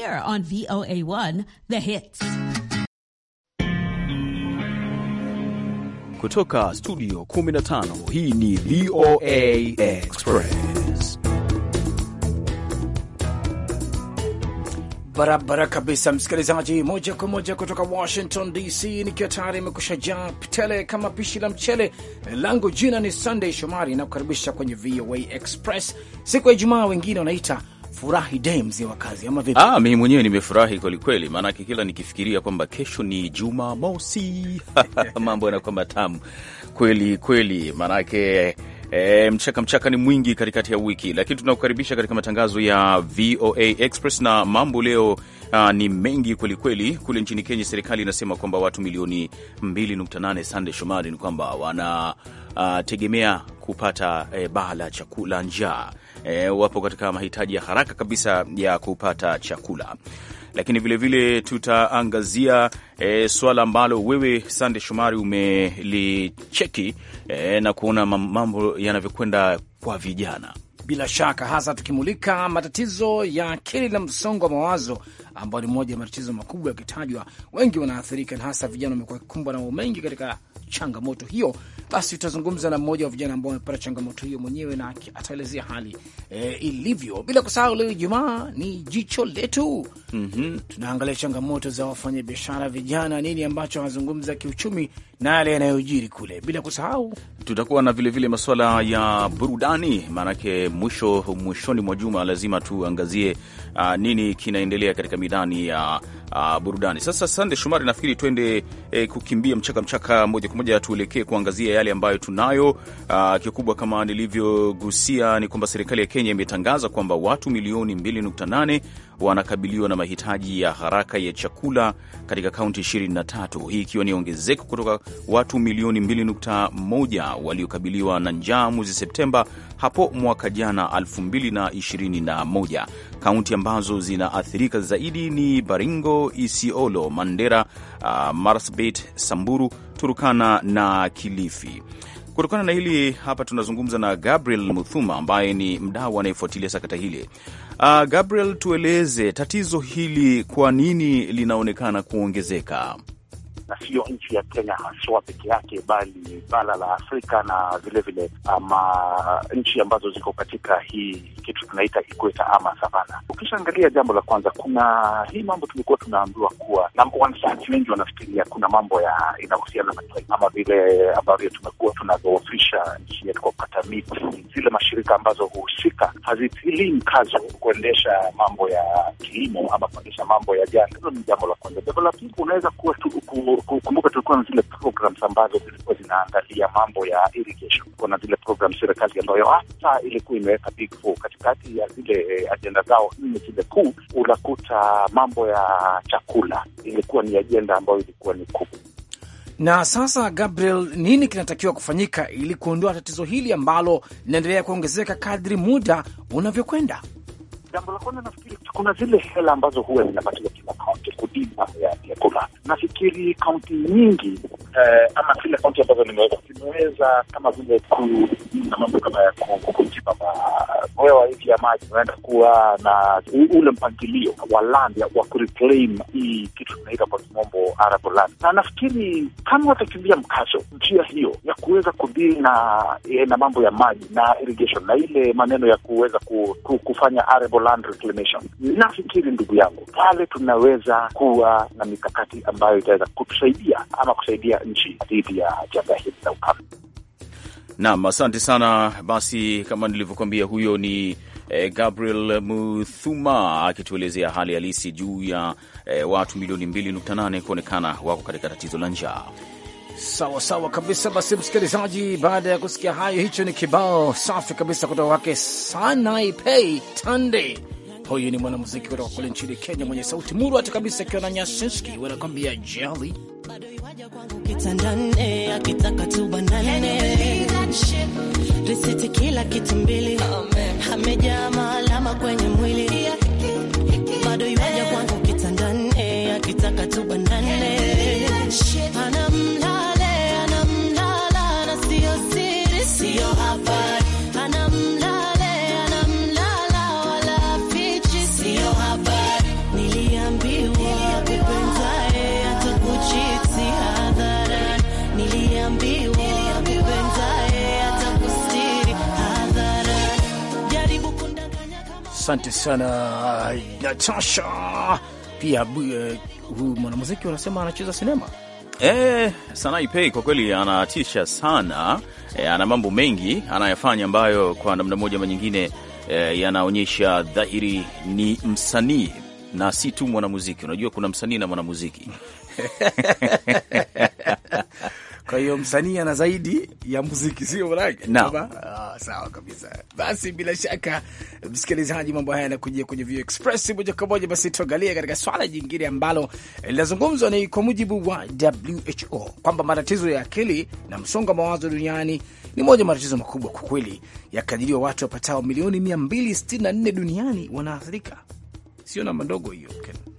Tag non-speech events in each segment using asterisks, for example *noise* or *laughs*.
Here on VOA1, The Hits. Kutoka studio 15, hii ni VOA Express. Barabara kabisa, msikilizaji, moja kwa moja kutoka Washington DC, nikiwa tayari imekusha jaa tele kama pishi la mchele langu. Jina ni Sunday Shomari na kukaribisha kwenye VOA Express siku ya Ijumaa, wengine wanaita Furahi de mzee wa kazi, ama vipi? Ah, mimi mwenyewe nimefurahi kwelikweli, maanake kila nikifikiria kwamba kesho ni Jumamosi *laughs* mambo yanakuwa matamu kweli kweli, maanake E, mchaka mchaka ni mwingi katikati ya wiki, lakini tunakukaribisha katika matangazo ya VOA Express na mambo leo uh, ni mengi kwelikweli. Kule nchini Kenya serikali inasema kwamba watu milioni 2.8 Sande Shomari, ni kwamba wanategemea uh, kupata uh, baa la chakula njaa e, wapo katika mahitaji ya haraka kabisa ya kupata chakula lakini vilevile tutaangazia e, swala ambalo wewe Sande Shomari umelicheki e, na kuona mambo yanavyokwenda kwa vijana, bila shaka hasa tukimulika matatizo ya akili na msongo wa mawazo ambao ni moja ya matatizo makubwa yakitajwa, wengi wanaathirika, na hasa vijana wamekuwa wakikumbwa na mambo mengi katika changamoto hiyo basi utazungumza na mmoja wa vijana ambao amepata changamoto hiyo mwenyewe na ataelezea hali e, ilivyo. Bila kusahau leo Ijumaa ni jicho letu mm -hmm. Tunaangalia changamoto za wafanyabiashara vijana, nini ambacho wanazungumza kiuchumi na yale yanayojiri kule, bila kusahau tutakuwa na vilevile masuala ya burudani, maanake mwisho mwishoni mwa juma lazima tuangazie uh, nini kinaendelea katika midani ya uh, burudani. Sasa Sande Shumari, nafikiri twende eh, kukimbia mchaka mchaka moja kwa moja tuelekee kuangazia yale ambayo tunayo. Uh, kikubwa kama nilivyogusia ni kwamba serikali ya Kenya imetangaza kwamba watu milioni 2.8 wanakabiliwa na mahitaji ya haraka ya chakula katika kaunti 23, hii ikiwa ni ongezeko kutoka watu milioni 2.1 waliokabiliwa na njaa mwezi Septemba hapo mwaka jana 2021. Kaunti ambazo zinaathirika zaidi ni Baringo, Isiolo, Mandera, uh, Marsabit, Samburu Turukana na Kilifi. Kutokana na hili hapa tunazungumza na Gabriel Muthuma ambaye ni mdau anayefuatilia sakata hili. Uh, Gabriel, tueleze tatizo hili, kwa nini linaonekana kuongezeka? na sio nchi ya Kenya haswa peke yake, bali bara la Afrika na vilevile ama nchi ambazo ziko katika hii kitu tunaita ikweta ama savana. Ukishaangalia, jambo la kwanza, kuna hii mambo tumekuwa tunaambiwa kuwa na wanasayansi wengi wanafikiria kuna mambo ya inahusiana na ama vile ambavyo tumekuwa tunadhoofisha nchi yetu kwa kupata miti. Zile mashirika ambazo huhusika hazitilii mkazo kuendesha mambo ya kilimo ama kuendesha mambo ya jani. Hilo ni jambo la kwanza. Jambo la pili, unaweza kuwa tu kumbuka, tulikuwa na zile programs ambazo zilikuwa zinaangalia mambo ya irrigation. na zile programs serikali ambayo hata ilikuwa imeweka big four katikati ya zile eh, ajenda zao nne zile kuu, unakuta mambo ya chakula ilikuwa ni ajenda ambayo ilikuwa ni kuu. Na sasa, Gabriel, nini kinatakiwa kufanyika ili kuondoa tatizo hili ambalo linaendelea kuongezeka kadri muda unavyokwenda? Jambo la kwanza nafikiri kuna zile hela ambazo huwa zinapatiwa kila kaunti kudima ya vyakula. Nafikiri kaunti nyingi eh, ama zile kaunti ambazo nimeweza zimeweza kama vile kuna mambo kama ya kujipa mawewa hivi ya maji, unaenda kuwa na ule mpangilio wa land wa kureclaim hii kitu tunaita kwa kimombo arable land, na nafikiri kama watakimbia mkazo njia hiyo ya kuweza kudili na, eh, na mambo ya maji na irrigation na ile maneno ya kuweza kufanya arable land reclamation. Nafikiri ndugu yangu, pale tunaweza kuwa na mikakati ambayo itaweza kutusaidia ama kusaidia nchi dhidi ya janga hili la ukame. Naam, asante sana. Basi kama nilivyokuambia, huyo ni eh, Gabriel Muthuma akituelezea hali halisi juu ya eh, watu milioni 2.8 kuonekana wako katika tatizo la njaa. Sawa sawa kabisa. Basi msikilizaji, baada ya kusikia hayo, hicho ni kibao safi kabisa kutoka kwake sanai pei Tande. Huyu ni mwanamuziki kutoka kule nchini Kenya mwenye sauti murwati kabisa, akiwa na Nyasinski wanakwambia jali Asante sana Natasha. Pia eh, huyu mwanamuziki wanasema anacheza sinema e, eh, Sanaipei kwa kweli anatisha sana e, ana mambo mengi anayafanya ambayo kwa namna moja ama nyingine e, yanaonyesha dhahiri ni msanii na si tu mwanamuziki. Unajua kuna msanii na mwanamuziki *laughs* kwa hiyo msanii ana zaidi ya muziki, sio? sawa sawa kabisa. Basi bila shaka, msikilizaji, mambo haya yanakujia kwenye Vio Express moja kwa moja. Basi tuangalie katika swala jingine ambalo eh, linazungumzwa ni kwa mujibu wa WHO kwamba matatizo ya akili na msongo wa mawazo duniani ni moja matatizo makubwa kwa kweli, yakadiriwa watu wapatao milioni 264 duniani wanaathirika. Sio namba ndogo hiyo,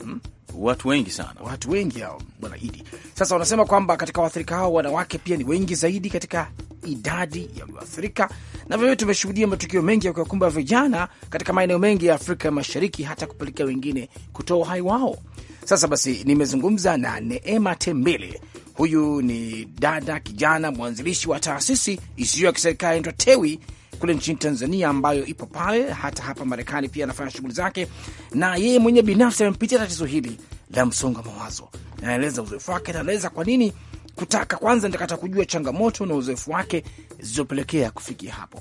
hmm? watu wengi sana, watu wengi hao bwana Idi. Sasa wanasema kwamba katika waathirika hao wanawake pia ni wengi zaidi katika idadi ya walioathirika, na vilevile tumeshuhudia matukio mengi ya kuwakumba vijana katika maeneo mengi ya Afrika Mashariki, hata kupelekea wengine kutoa uhai wao. Sasa basi, nimezungumza na Neema Tembele. Huyu ni dada kijana mwanzilishi wa taasisi isiyo ya kiserikali inaitwa Tewi kule nchini Tanzania ambayo ipo pale, hata hapa Marekani pia anafanya shughuli zake, na yeye mwenyewe binafsi amempitia tatizo hili la msongo wa mawazo. Anaeleza uzoefu wake, anaeleza kwa nini kutaka kwanza, nitakata kujua changamoto na uzoefu wake zilizopelekea kufikia hapo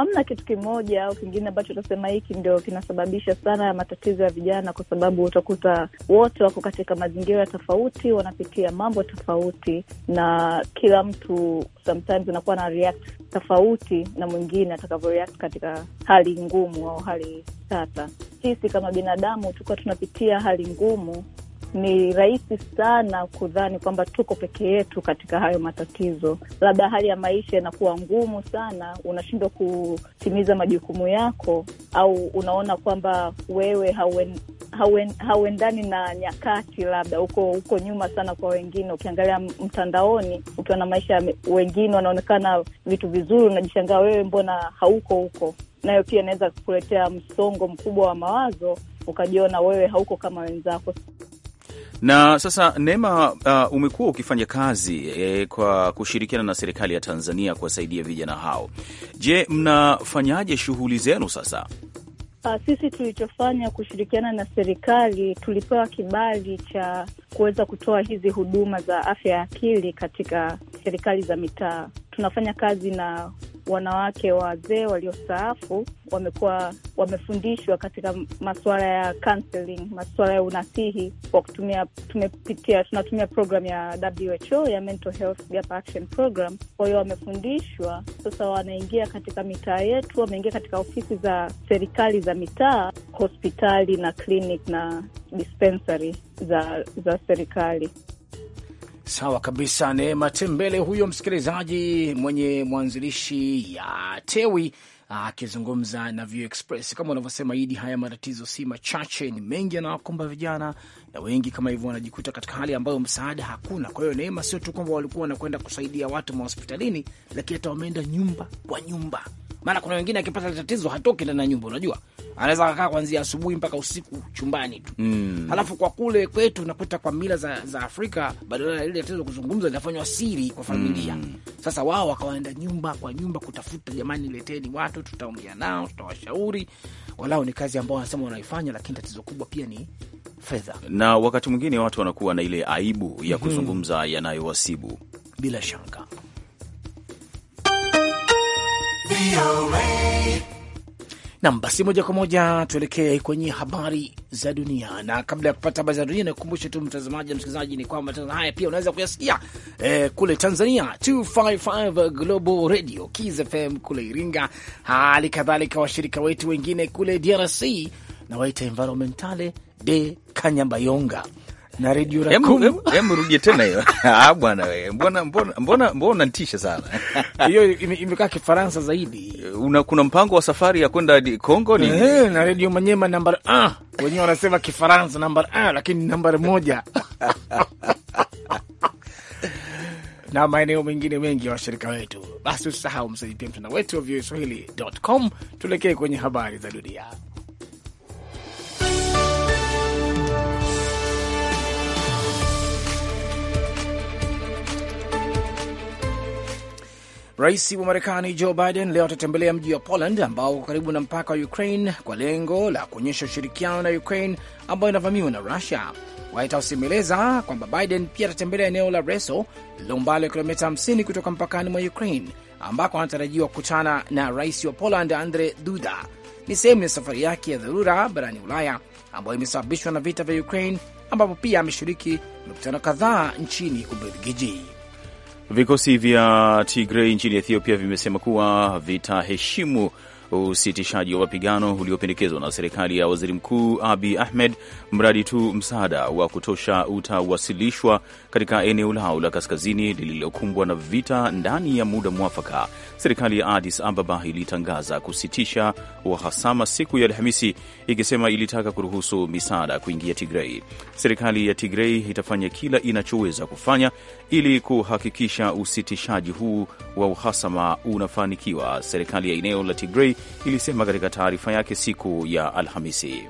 hamna kitu kimoja au kingine ambacho utasema hiki ndio kinasababisha sana ya matatizo ya vijana, kwa sababu utakuta wote wako katika mazingira tofauti, wanapitia mambo tofauti, na kila mtu sometimes anakuwa na react tofauti na mwingine atakavyo katika hali ngumu au hali tata. Sisi kama binadamu tukuwa tunapitia hali ngumu ni rahisi sana kudhani kwamba tuko peke yetu katika hayo matatizo. Labda hali ya maisha inakuwa ngumu sana, unashindwa kutimiza majukumu yako, au unaona kwamba wewe hauen, hauen, hauendani na nyakati, labda uko uko nyuma sana kwa wengine. Ukiangalia mtandaoni, ukiwa na maisha, wengine wanaonekana vitu vizuri, unajishangaa wewe, mbona hauko huko? Nayo pia inaweza kukuletea msongo mkubwa wa mawazo, ukajiona wewe hauko kama wenzako. Na sasa Neema, uh, umekuwa ukifanya kazi eh, kwa kushirikiana na serikali ya Tanzania kuwasaidia vijana hao. Je, mnafanyaje shughuli zenu sasa? Uh, sisi tulichofanya kushirikiana na serikali, tulipewa kibali cha kuweza kutoa hizi huduma za afya ya akili katika serikali za mitaa. Tunafanya kazi na wanawake wazee waliostaafu wamekuwa wamefundishwa katika masuala ya counseling, masuala ya unasihi kwa kutumia, tumepitia tunatumia programu ya WHO ya Mental Health Gap Action Program. Kwa hiyo wamefundishwa, sasa wanaingia katika mitaa yetu, wameingia katika ofisi za serikali za mitaa, hospitali na clinic na dispensary za za serikali. Sawa kabisa, Neema Tembele huyo msikilizaji mwenye mwanzilishi ya Tewi akizungumza na View Express. Kama unavyosema Idi, haya matatizo si machache, ni mengi yanawakumba vijana, na wengi kama hivyo wanajikuta katika hali ambayo msaada hakuna. Kwa hiyo Neema, sio tu kwamba walikuwa wanakwenda kusaidia watu mahospitalini, lakini hata wameenda nyumba kwa nyumba maana kuna wengine akipata tatizo hatoki ndani ya nyumba. Unajua, anaweza kakaa kuanzia asubuhi mpaka usiku chumbani tu mm. Alafu kwa kule kwetu nakuta kwa mila za, za Afrika badala ya ile tatizo kuzungumza linafanywa siri kwa familia mm. Sasa wao wakawaenda nyumba kwa nyumba kutafuta, jamani, leteni watu, tutaongea nao, tutawashauri. Walau ni kazi ambao wanasema wanaifanya, lakini tatizo kubwa pia ni fedha, na wakati mwingine watu wanakuwa na ile aibu ya mhm. kuzungumza mm. yanayowasibu bila shaka Nam basi, moja kwa moja tuelekee kwenye habari za dunia, na kabla ya kupata habari za dunia, nakukumbusha tu mtazamaji na msikilizaji ni kwamba matangazo haya pia unaweza kuyasikia eh, kule Tanzania 255 Global Radio Kiz FM kule Iringa, hali kadhalika washirika wetu wengine kule DRC na waita Environmentale de Kanyambayonga na redio Hebu rudie tena hiyo. *laughs* Ah bwana wewe, mbona mbona mbona mbona unanitisha sana *laughs* hiyo. Imekaa Kifaransa zaidi. Una kuna mpango wa safari ya kwenda Kongo ni eh, na redio Manyema namba ah, wenyewe wanasema Kifaransa namba ah, lakini namba moja *laughs* na maeneo mengine mengi ya washirika wetu. Basi usisahau msaidi pia mtandao wetu wa voaswahili.com. Tuelekee kwenye habari za dunia. Rais wa Marekani Joe Biden leo atatembelea mji wa Poland ambao uko karibu na mpaka wa Ukraine kwa lengo la kuonyesha ushirikiano na Ukraine ambayo inavamiwa na Rusia. White House imeeleza kwamba Biden pia atatembelea eneo la Reso lililo umbali wa kilomita 50 kutoka mpakani mwa Ukraine ambako anatarajiwa kukutana na rais wa Poland Andre Duda. Ni sehemu ya safari yake ya dharura barani Ulaya ambayo imesababishwa na vita vya Ukraine, ambapo pia ameshiriki mikutano kadhaa nchini Ubelgiji. Vikosi vya tigrei nchini Ethiopia vimesema kuwa vitaheshimu usitishaji wa mapigano uliopendekezwa na serikali ya waziri mkuu Abi Ahmed, mradi tu msaada wa kutosha utawasilishwa katika eneo lao la kaskazini lililokumbwa na vita ndani ya muda mwafaka. Serikali ya adis Ababa ilitangaza kusitisha uhasama siku ya Alhamisi, ikisema ilitaka kuruhusu misaada kuingia Tigrei. Serikali ya Tigrei itafanya kila inachoweza kufanya ili kuhakikisha usitishaji huu wa uhasama unafanikiwa. Serikali ya eneo la Tigrei ilisema katika taarifa yake siku ya Alhamisi.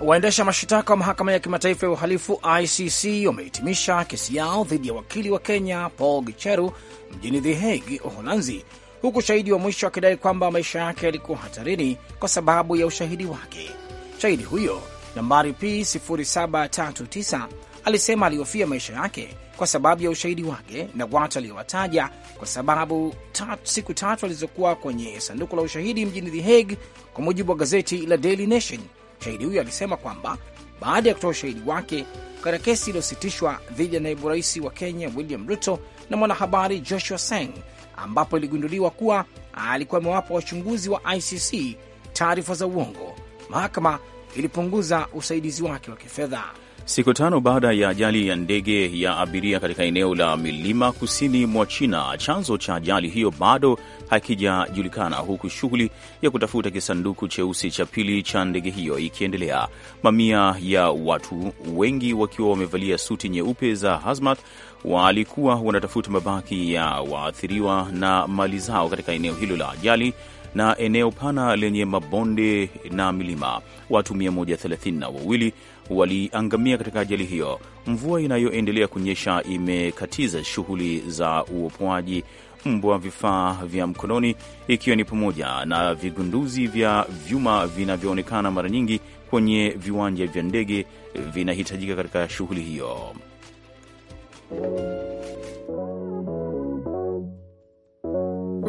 Waendesha mashtaka wa mahakama ya kimataifa ya uhalifu ICC wamehitimisha kesi yao dhidi ya wakili wa Kenya Paul Gicheru mjini The Hague, Uholanzi, huku shahidi wa mwisho akidai kwamba maisha yake yalikuwa hatarini kwa sababu ya ushahidi wake. Shahidi huyo nambari P 0739 alisema alihofia maisha yake kwa sababu ya ushahidi wake na watu aliyowataja, kwa sababu tatu, siku tatu alizokuwa kwenye sanduku la ushahidi mjini The Hague. Kwa mujibu wa gazeti la Daily Nation, shahidi huyo alisema kwamba baada ya kutoa ushahidi wake katika kesi iliyositishwa dhidi ya naibu rais wa Kenya William Ruto na mwanahabari Joshua Sang, ambapo iligunduliwa kuwa alikuwa amewapa wachunguzi wa ICC taarifa za uongo, mahakama ilipunguza usaidizi wake wa kifedha. Siku tano baada ya ajali ya ndege ya abiria katika eneo la milima kusini mwa China, chanzo cha ajali hiyo bado hakijajulikana, huku shughuli ya kutafuta kisanduku cheusi cha pili cha ndege hiyo ikiendelea. Mamia ya watu, wengi wakiwa wamevalia suti nyeupe za hazmat, walikuwa wanatafuta mabaki ya waathiriwa na mali zao katika eneo hilo la ajali na eneo pana lenye mabonde na milima. Watu 132 waliangamia katika ajali hiyo. Mvua inayoendelea kunyesha imekatiza shughuli za uopoaji mbwa vifaa vya mkononi, ikiwa ni pamoja na vigunduzi vya vyuma vinavyoonekana mara nyingi kwenye viwanja vya ndege vinahitajika katika shughuli hiyo.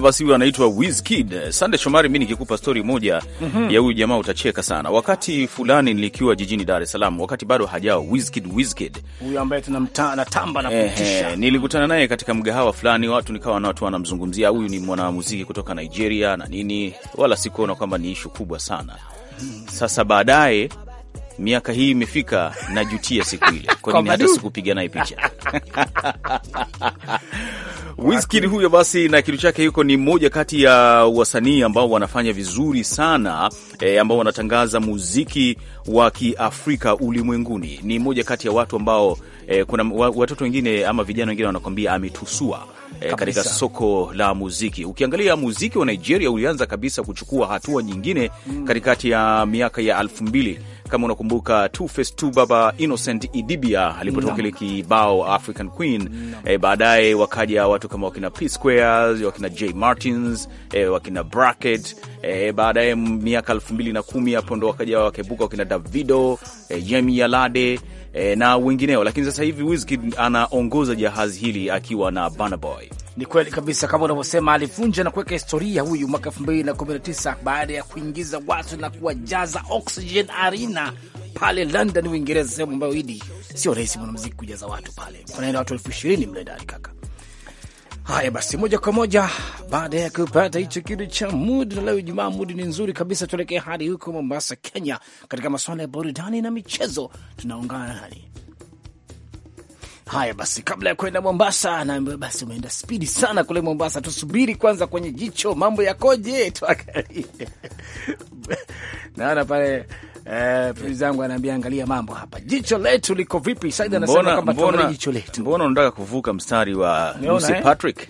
Haya basi, huyu anaitwa Wizkid. Sande Shomari, mi nikikupa stori moja mm -hmm. ya huyu jamaa utacheka sana. Wakati fulani nilikiwa jijini Dar es Salaam, wakati bado hajao Wizkid Wizkid huyu ambaye tunatamba na kutisha, nilikutana naye katika mgahawa fulani, watu nikawa na watu wanamzungumzia huyu ni mwanamuziki kutoka Nigeria na nini, wala sikuona kwamba ni ishu kubwa sana. Sasa baadaye miaka hii imefika, najutia siku ile, nini hata naye picha *laughs* Wizkid huyo basi na kitu chake yuko, ni mmoja kati ya wasanii ambao wanafanya vizuri sana e, ambao wanatangaza muziki wa Kiafrika ulimwenguni. Ni mmoja kati ya watu ambao e, kuna watoto wengine ama vijana wengine wanakwambia ametusua e, katika soko la muziki. Ukiangalia muziki wa Nigeria ulianza kabisa kuchukua hatua nyingine mm. katikati ya miaka ya elfu mbili kama unakumbuka Tuface tu baba Innocent Idibia alipotoka kile kibao African Queen E, baadaye wakaja watu kama wakina P Squares, wakina J Martins e, wakina Bracket e, baadaye miaka elfu mbili na kumi hapo ndo wakaja wakebuka wakina Davido e, Yemi Alade e, na wengineo, lakini sasa hivi Wizkid anaongoza jahazi hili akiwa na Burna Boy. Ni kweli kabisa kama unavyosema, alivunja na kuweka historia huyu mwaka 2019 baada ya kuingiza watu na kuwajaza Oxygen Arena pale London, Uingereza, sehemu ambayo hidi sio rahisi mwanamuziki kujaza watu pale, wanaenda watu elfu ishirini mle ndani kaka Haya basi, moja kwa moja baada ya kupata hicho kitu cha mudi na leo Ijumaa, mudi ni nzuri kabisa. Tuelekee hadi huko Mombasa, Kenya, katika masuala ya burudani na michezo. Tunaungana nani? Haya basi, kabla ya kwenda Mombasa, naambiwa basi umeenda spidi sana kule Mombasa. Tusubiri kwanza kwenye jicho, mambo yakoje? *laughs* Tuangalie *laughs* naona pale Eh, please zangu anaambia angalia mambo hapa. Jicho letu liko vipi? Said anasema kwamba tuangalie jicho letu. Mbona unataka kuvuka mstari wa Lucy eh? Patrick?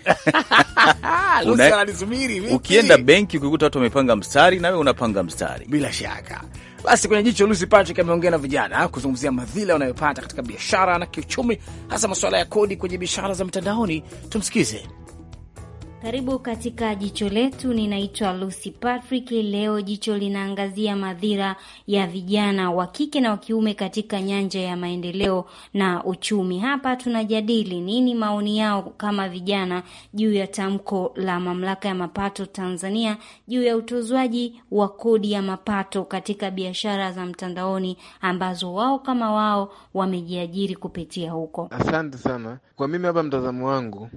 *laughs* Lucy anasubiri vipi? Ukienda benki ukikuta watu wamepanga mstari na wewe unapanga mstari. Bila shaka. Basi kwenye jicho Lucy Patrick ameongea na vijana kuzungumzia madhila wanayopata katika biashara na kiuchumi hasa masuala ya kodi kwenye biashara za mtandaoni. Tumsikize. Karibu katika jicho letu. Ninaitwa Lucy Patrick. Leo jicho linaangazia madhira ya vijana wa kike na wa kiume katika nyanja ya maendeleo na uchumi. Hapa tunajadili nini maoni yao kama vijana juu ya tamko la mamlaka ya mapato Tanzania juu ya utozwaji wa kodi ya mapato katika biashara za mtandaoni ambazo wao kama wao wamejiajiri kupitia huko. Asante sana. Kwa mimi hapa, mtazamo wangu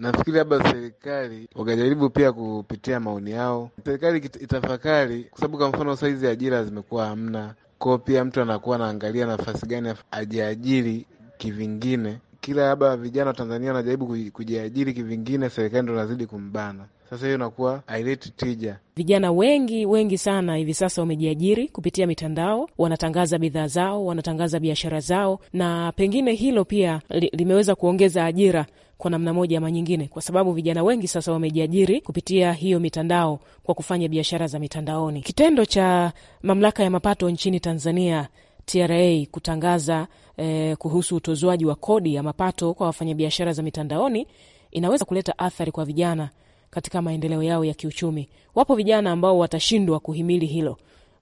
Nafikiri labda serikali wakajaribu pia kupitia maoni yao, serikali itafakari, kwa sababu kwa mfano saizi ajira zimekuwa hamna, kwao pia mtu anakuwa anaangalia nafasi gani ajiajiri kivingine. Kila labda vijana wa Tanzania wanajaribu kujiajiri kivingine, serikali ndo inazidi kumbana. Sasa hiyo inakuwa haileti tija. Vijana wengi wengi sana hivi sasa wamejiajiri kupitia mitandao, wanatangaza bidhaa zao, wanatangaza biashara zao, na pengine hilo pia li, limeweza kuongeza ajira kwa namna moja ama nyingine, kwa sababu vijana wengi sasa wamejiajiri kupitia hiyo mitandao kwa kufanya biashara za mitandaoni. Kitendo cha mamlaka ya mapato nchini Tanzania TRA kutangaza eh, kuhusu utozwaji wa kodi ya mapato kwa wafanyabiashara za mitandaoni inaweza kuleta athari kwa vijana katika maendeleo yao ya kiuchumi. Wapo vijana ambao watashindwa kuhimili hilo.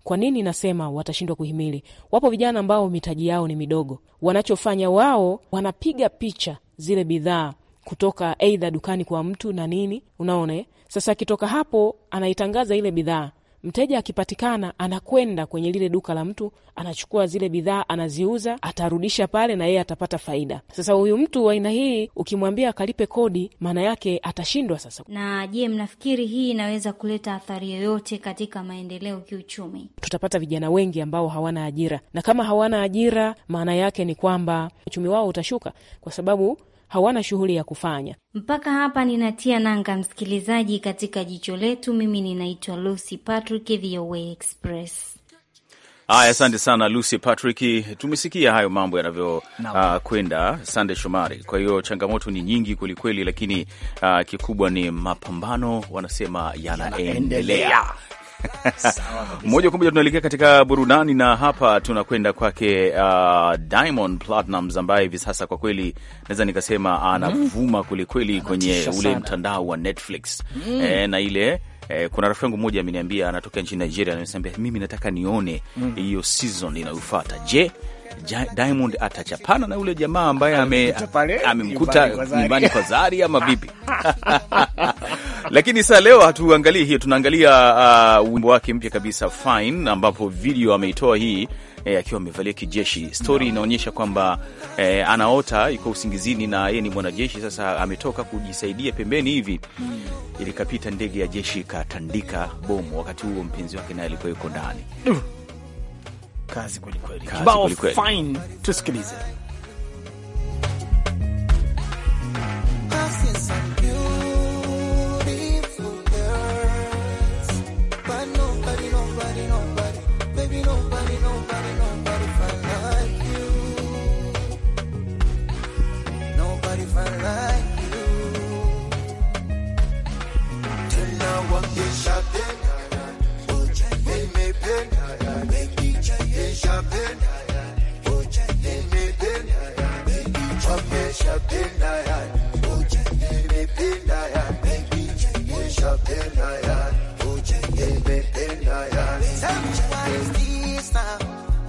Kwa nini nasema watashindwa kuhimili? Wapo vijana ambao mitaji yao ni midogo. Wanachofanya wao, wanapiga picha zile bidhaa kutoka aidha dukani kwa mtu na nini, unaona. Eh? Sasa akitoka hapo anaitangaza ile bidhaa Mteja akipatikana anakwenda kwenye lile duka la mtu, anachukua zile bidhaa, anaziuza, atarudisha pale na yeye atapata faida. Sasa huyu mtu wa aina hii ukimwambia akalipe kodi, maana yake atashindwa. Sasa na je, mnafikiri hii inaweza kuleta athari yoyote katika maendeleo kiuchumi? Tutapata vijana wengi ambao hawana ajira, na kama hawana ajira, maana yake ni kwamba uchumi wao utashuka, kwa sababu hawana shughuli ya kufanya. Mpaka hapa ninatia nanga, msikilizaji, katika jicho letu. Mimi ninaitwa Lucy Patrick, VOA Express. Haya, asante sana Lucy Patrick. Tumesikia hayo mambo yanavyokwenda, uh, Sande Shomari. Kwa hiyo changamoto ni nyingi kwelikweli, lakini uh, kikubwa ni mapambano, wanasema yanaendelea moja kwa moja tunaelekea katika burudani na hapa tunakwenda kwake uh, Diamond Platnumz ambaye hivi sasa kwa kweli naweza nikasema anavuma mm. kwelikweli kwenye ule mtandao wa Netflix mm. E, na ile e, kuna rafiki yangu mmoja ameniambia anatokea nchini Nigeria, anasema mimi nataka nione mm. hiyo mm. season inayofuata. Je, Diamond atachapana na yule jamaa ambaye amemkuta nyumbani kwa Zari ama vipi? *laughs* *laughs* Lakini saa leo hatuangalii hiyo, tunaangalia uh, wimbo wake mpya kabisa Fine, ambapo video ameitoa hii eh, akiwa amevalia kijeshi. Stori no. inaonyesha kwamba eh, anaota iko usingizini na yeye ni mwanajeshi. Sasa ametoka kujisaidia pembeni hivi mm. Ilikapita ndege ya jeshi ikatandika bomu, wakati huo mpenzi wake naye alikuwa yuko ndani uh kazi kwelikweli, kibao fine, tusikilize. Tell me why is this now?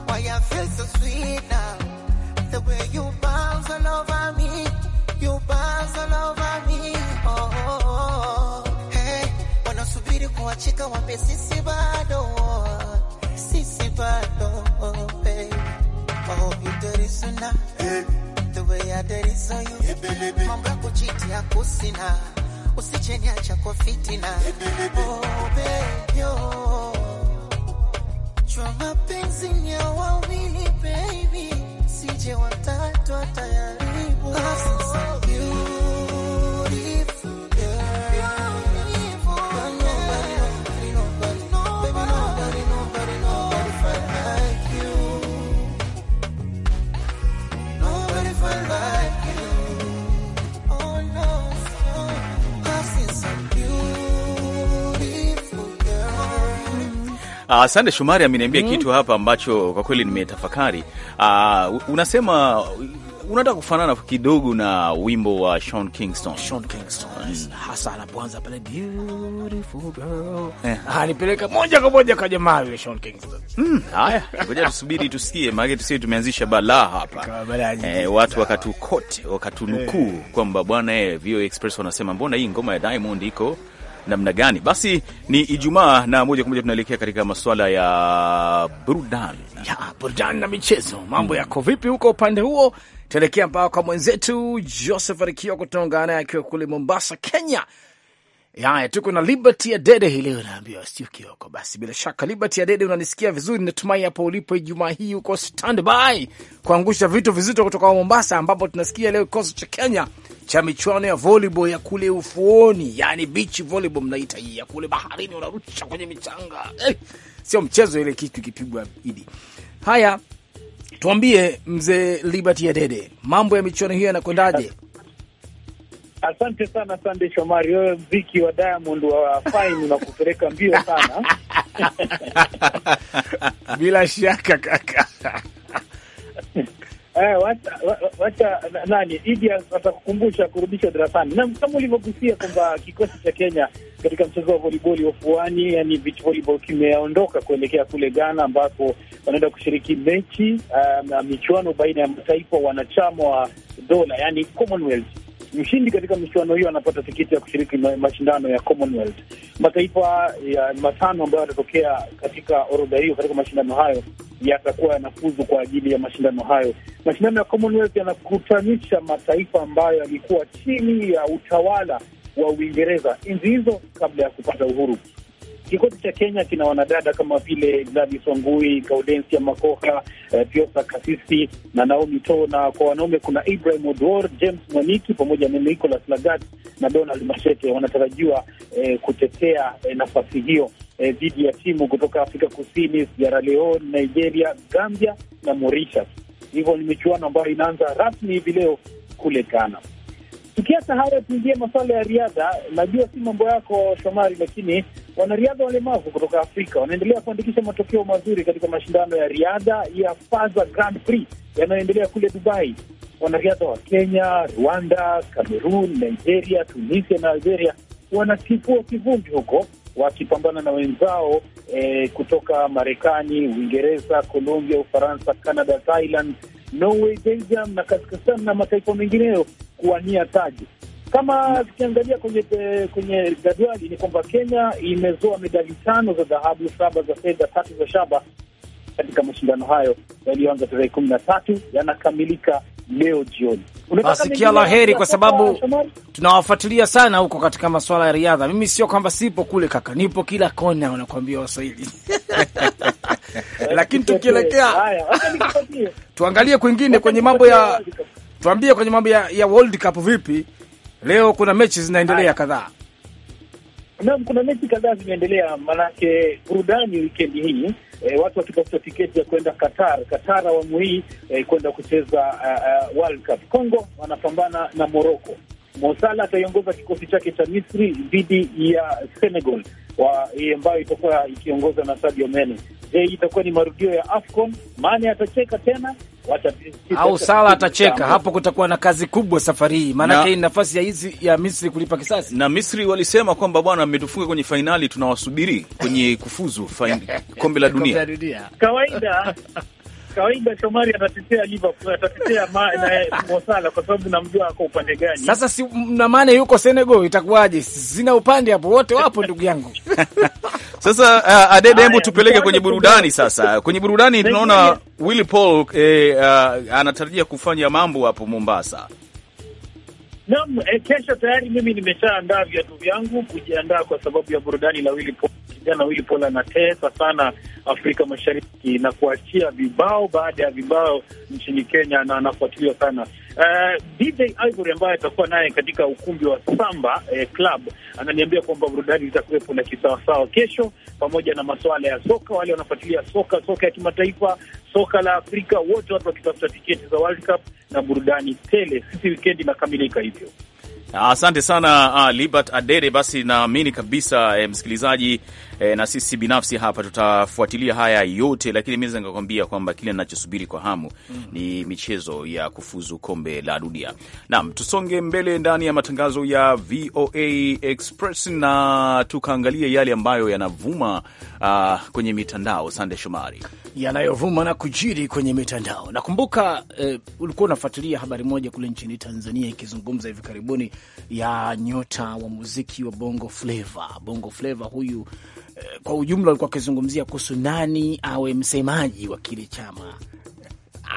Why I feel so sweet now? The way you bounce all over me, you bounce all over me. Oh, oh, oh. hey, wanasubiri kuachika wambe sisi bado, sisi bado, oh, baby. I hope you dirty soon now. The way I dirty so you, hey, mambo kuchiti akusina, usicheniacha kwa fitina. Hey, oh, baby, oh. Twa mapenzi ni ya wawili baby, sije watatu atayaribu. Ah, asante uh, Shumari ameniambia mm, kitu hapa ambacho kwa kweli nimetafakari. Uh, unasema unataka kufanana kidogo na wimbo wa Sean Kingston, Sean Kingston mm, hasa anapoanza pale beautiful girl eh, anipeleka moja kwa moja kwa jamaa yule Sean Kingston. Mm, haya ngoja tusubiri tusikie, maana tusikie, tumeanzisha balaa hapa eh, watu wakatukote, wakatunukuu eh, kwamba bwana eh, VOA Express wanasema mbona hii ngoma ya Diamond iko namna gani? Basi ni Ijumaa na moja kwa moja tunaelekea katika masuala ya burudani ya burudani na michezo. Mambo yako vipi huko upande huo? Tuelekea mpaka kwa mwenzetu Joseph Arikio kutonga naye akiwa kule Mombasa, Kenya. Haya, tuko na Liberty Adede Dede hii leo, naambiwa sio Kioko. Basi bila shaka, Liberty Adede, unanisikia vizuri? Natumai hapo ulipo Ijumaa hii uko standby kuangusha vitu vizito kutoka Mombasa, ambapo tunasikia leo kikosi cha Kenya cha michuano ya volleyball ya kule ufuoni, yani beach volleyball mnaita hii ya kule baharini, unarusha kwenye michanga eh, sio mchezo ile kitu ikipigwa idi. Haya, tuambie mzee Liberty ya Dede, mambo ya michuano hiyo yanakwendaje? Asante sana Sande Shomari, wewe mziki wa Diamond wa fine unakupeleka mbio sana *laughs* bila shaka kaka Eh, wacha nani Idi atakukumbusha kurudisha darasani, na kama ulivyogusia kwamba kikosi cha Kenya katika mchezo wa voliboli wa fuani yani beach volleyball, kimeondoka kuelekea kule Ghana ambako wanaenda kushiriki mechi eh, na um, michuano baina ya mataifa wanachama wa dola, yani Commonwealth mshindi katika michuano hiyo anapata tikiti ya kushiriki mashindano ya Commonwealth. Mataifa ya matano ambayo yatatokea katika orodha hiyo katika mashindano hayo yatakuwa yanafuzu kwa ajili ya mashindano hayo. Mashindano ya Commonwealth yanakutanisha mataifa ambayo yalikuwa chini ya utawala wa Uingereza enzi hizo kabla ya kupata uhuru. Kikosi cha Kenya kina wanadada kama vile Gladys Wangui, Gaudensia Makoha, eh, Piosa Kasisi na Naomi To, na kwa wanaume kuna Ibrahim Odwor, James Mwaniki pamoja na Nicolas Lagat na Donald Mashete wanatarajiwa eh, kutetea eh, nafasi hiyo eh, dhidi eh, ya timu kutoka Afrika Kusini, Sierra Leone, Nigeria, Gambia na Mauritius. Hivyo ni michuano ambayo inaanza rasmi hivi leo kule Ghana. Tukiacha hayo, tuingie masuala ya riadha. Najua si mambo yako Shomari, lakini wanariadha walemavu kutoka Afrika wanaendelea kuandikisha matokeo mazuri katika mashindano ya riadha ya Faza Grand Prix yanayoendelea kule Dubai. Wanariadha wa Kenya, Rwanda, Cameroon, Nigeria, Tunisia na Algeria wanatifua kivumbi huko wakipambana na wenzao eh, kutoka Marekani, Uingereza, Colombia, Ufaransa, Canada, Thailand, Norway, Belgium na Kazakhstan na mataifa mengineyo kuwania taji. Kama tukiangalia kwenye kwenye jadwali ni kwamba Kenya imezoa medali tano za dhahabu, saba za fedha, tatu za shaba katika mashindano hayo yaliyoanza tarehe kumi na tatu yanakamilika leo jioni. Basi kia la heri, kwa sababu tunawafuatilia sana huko katika masuala ya riadha. Mimi sio kwamba sipo kule kaka, nipo kila kona, wanakuambia Waswahili *laughs* lakini tukielekea tuangalie kwingine kwenye mambo ya tuambie kwenye mambo ya, ya World Cup vipi leo? Kuna mechi zinaendelea kadhaa. Naam, kuna mechi kadhaa zinaendelea, maanake burudani wikendi hii e, watu wakitafuta tiketi ya kwenda Qatar. Qatar awamu hii e, kwenda kucheza uh, uh, World Cup. Congo wanapambana na Morocco Mosala ataiongoza kikosi chake cha Misri dhidi ya Senegal ambayo itakuwa ikiongozwa na Sadio Mane. Je, itakuwa ni marudio ya AFCON? Mane atacheka tena au Sala atacheka? Hapo kutakuwa na kazi kubwa safari hii, maanake ni nafasi ya hizi ya Misri kulipa kisasi, na Misri walisema kwamba bwana, mmetufunga kwenye fainali, tunawasubiri kwenye kufuzu *laughs* kombe la dunia kawaida *laughs* kawaida Shomari Liverpool, atatetea Mo Salah kwa sababu namjua ako upande gani. Sasa si na maana yuko Senegal, itakuwaje? Sina upande hapo, wote wapo ndugu yangu. *laughs* Sasa uh, Adede, hebu tupeleke kwenye burudani sasa. Kwenye burudani tunaona Willy Paul eh, uh, anatarajia kufanya mambo hapo Mombasa. Naam, eh, kesho tayari mimi nimeshaandaa viatu vyangu kujiandaa kwa sababu ya burudani la Willy Paul kijana huyu Pole anatesa sana Afrika Mashariki na kuachia vibao baada ya vibao nchini Kenya, na anafuatiliwa sana. Uh, eh, DJ Ivory ambaye atakuwa naye katika ukumbi wa Samba eh, Club ananiambia kwamba burudani itakuwepo na kisawasawa kesho, pamoja na masuala ya soka. Wale wanafuatilia soka, soka ya kimataifa, soka la Afrika, wote watu wakitafuta tiketi za World Cup na burudani tele. Sisi wikendi inakamilika hivyo. Asante sana uh, Libert adere Basi naamini kabisa eh, msikilizaji eh, na sisi binafsi hapa tutafuatilia haya yote, lakini mi naweza nikakwambia kwamba kile ninachosubiri kwa hamu mm -hmm. ni michezo ya kufuzu kombe la dunia. Naam, tusonge mbele ndani ya matangazo ya VOA Express na tukaangalia yale ambayo yanavuma uh, kwenye mitandao. Sande Shomari, yanayovuma na kujiri kwenye mitandao. Nakumbuka eh, ulikuwa unafuatilia habari moja kule nchini Tanzania ikizungumza hivi karibuni ya nyota wa muziki wa bongo fleva. Bongo fleva huyu eh, kwa ujumla alikuwa akizungumzia kuhusu nani awe msemaji wa kile chama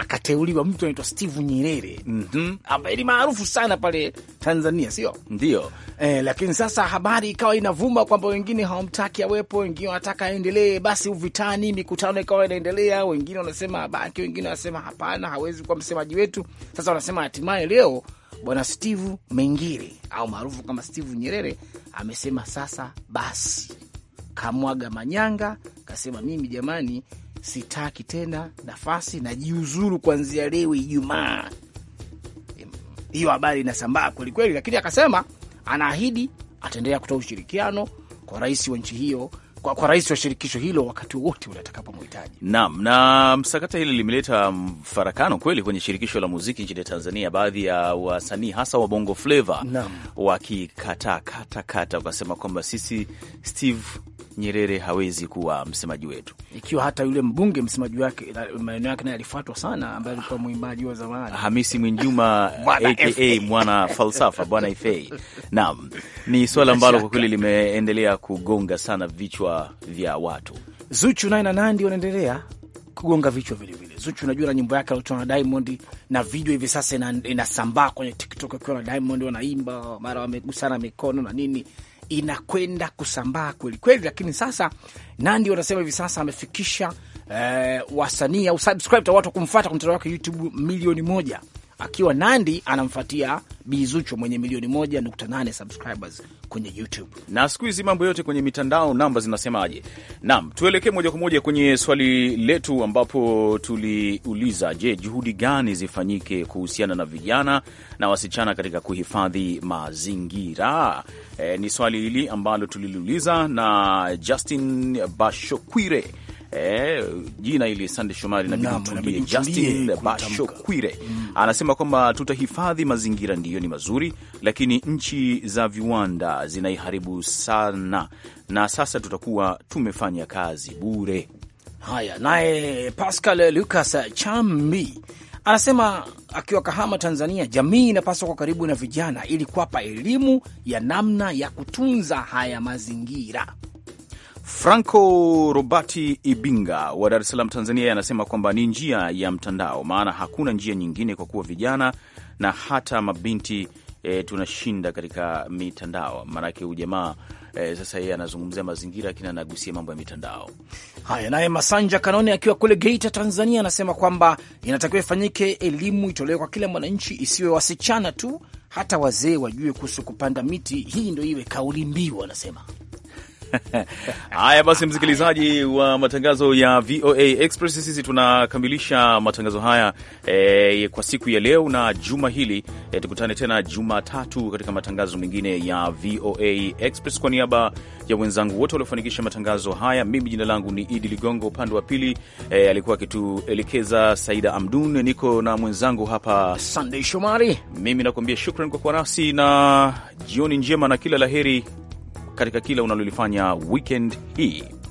akateuliwa mtu anaitwa Steve Nyerere mm -hmm. ambaye ni maarufu sana pale Tanzania, sio ndio? Eh, lakini sasa habari ikawa inavuma kwamba wengine hawamtaki awepo, wengine wanataka aendelee. Basi uvitani, mikutano ikawa inaendelea, wengine wanasema abaki, wengine wanasema hapana, hawezi kuwa msemaji wetu. Sasa wanasema hatimaye leo Bwana Steve Mengiri au maarufu kama Steve Nyerere amesema sasa basi, kamwaga manyanga, kasema mimi jamani, sitaki tena nafasi, najiuzuru kuanzia leo Ijumaa. Hiyo habari inasambaa kwelikweli, lakini akasema anaahidi ataendelea kutoa ushirikiano kwa rais wa nchi hiyo kwa, kwa rais wa shirikisho hilo wakati wowote unatakapomhitaji. Naam, na msakata hili limeleta mfarakano kweli kwenye shirikisho la muziki nchini Tanzania, baadhi ya wasanii hasa wa Bongo Flava wakikataa katakata, wakasema kwamba sisi Steve Nyerere hawezi kuwa msemaji wetu, ikiwa hata yule mbunge msemaji wake maneno yake naye alifuatwa sana, ambaye alikuwa mwimbaji wa zamani Hamisi Mwinjuma aka *laughs* mwana falsafa bwana Ifei. Naam, ni swala ambalo kwa kweli limeendelea kugonga sana vichwa vya watu. Zuchu naye na Nandi wanaendelea kugonga vichwa vilevile. Zuchu unajua, na nyimbo yake alitoa na Diamond na video hivi sasa inasambaa kwenye TikTok akiwa na Diamond wanaimba, mara wamegusana mikono na nini inakwenda kusambaa kweli kweli, lakini sasa Nandi wanasema hivi sasa amefikisha eh, wasanii au subscribe watu kumfuata kwa mtandao wake YouTube milioni moja akiwa Nandi anamfuatia Bizucho mwenye milioni 1.8 subscribers kwenye YouTube. Na siku hizi mambo yote kwenye mitandao, namba zinasemaje? Naam, tuelekee moja kwa moja kwenye swali letu ambapo tuliuliza, je, juhudi gani zifanyike kuhusiana na vijana na wasichana katika kuhifadhi mazingira? E, ni swali hili ambalo tuliliuliza na Justin Bashokwire eh, jina ili Sande Shomari nabidi Justin Basho Kwire mm. anasema kwamba tutahifadhi mazingira, ndiyo ni mazuri, lakini nchi za viwanda zinaiharibu sana, na sasa tutakuwa tumefanya kazi bure. Haya, naye Pascal Lucas Chambi anasema akiwa Kahama, Tanzania, jamii inapaswa kwa karibu na vijana ili kuwapa elimu ya namna ya kutunza haya mazingira. Franco Robati Ibinga wa Dar es Salaam, Tanzania, anasema kwamba ni njia ya mtandao, maana hakuna njia nyingine, kwa kuwa vijana na hata mabinti e, tunashinda katika mitandao, maanake ujamaa e, sasa yeye anazungumzia mazingira, lakini anagusia mambo ya mitandao. Haya, naye Masanja Kanone akiwa kule Geita, Tanzania, anasema kwamba inatakiwa ifanyike elimu itolewe kwa kila mwananchi, isiwe wasichana tu, hata wazee wajue kuhusu kupanda miti. Hii ndo iwe kauli mbiu, anasema. *laughs* Haya basi, msikilizaji wa matangazo ya VOA Express, sisi tunakamilisha matangazo haya e, kwa siku ya leo na juma hili e, tukutane tena Jumatatu katika matangazo mengine ya VOA Express. Kwa niaba ya wenzangu wote waliofanikisha matangazo haya, mimi jina langu ni Idi Ligongo, upande wa pili e, alikuwa akituelekeza Saida Amdun, niko na mwenzangu hapa Sunday Shomari. Mimi nakuambia shukran kwa kuwa nasi na jioni njema na kila laheri katika kila unalolifanya weekend hii.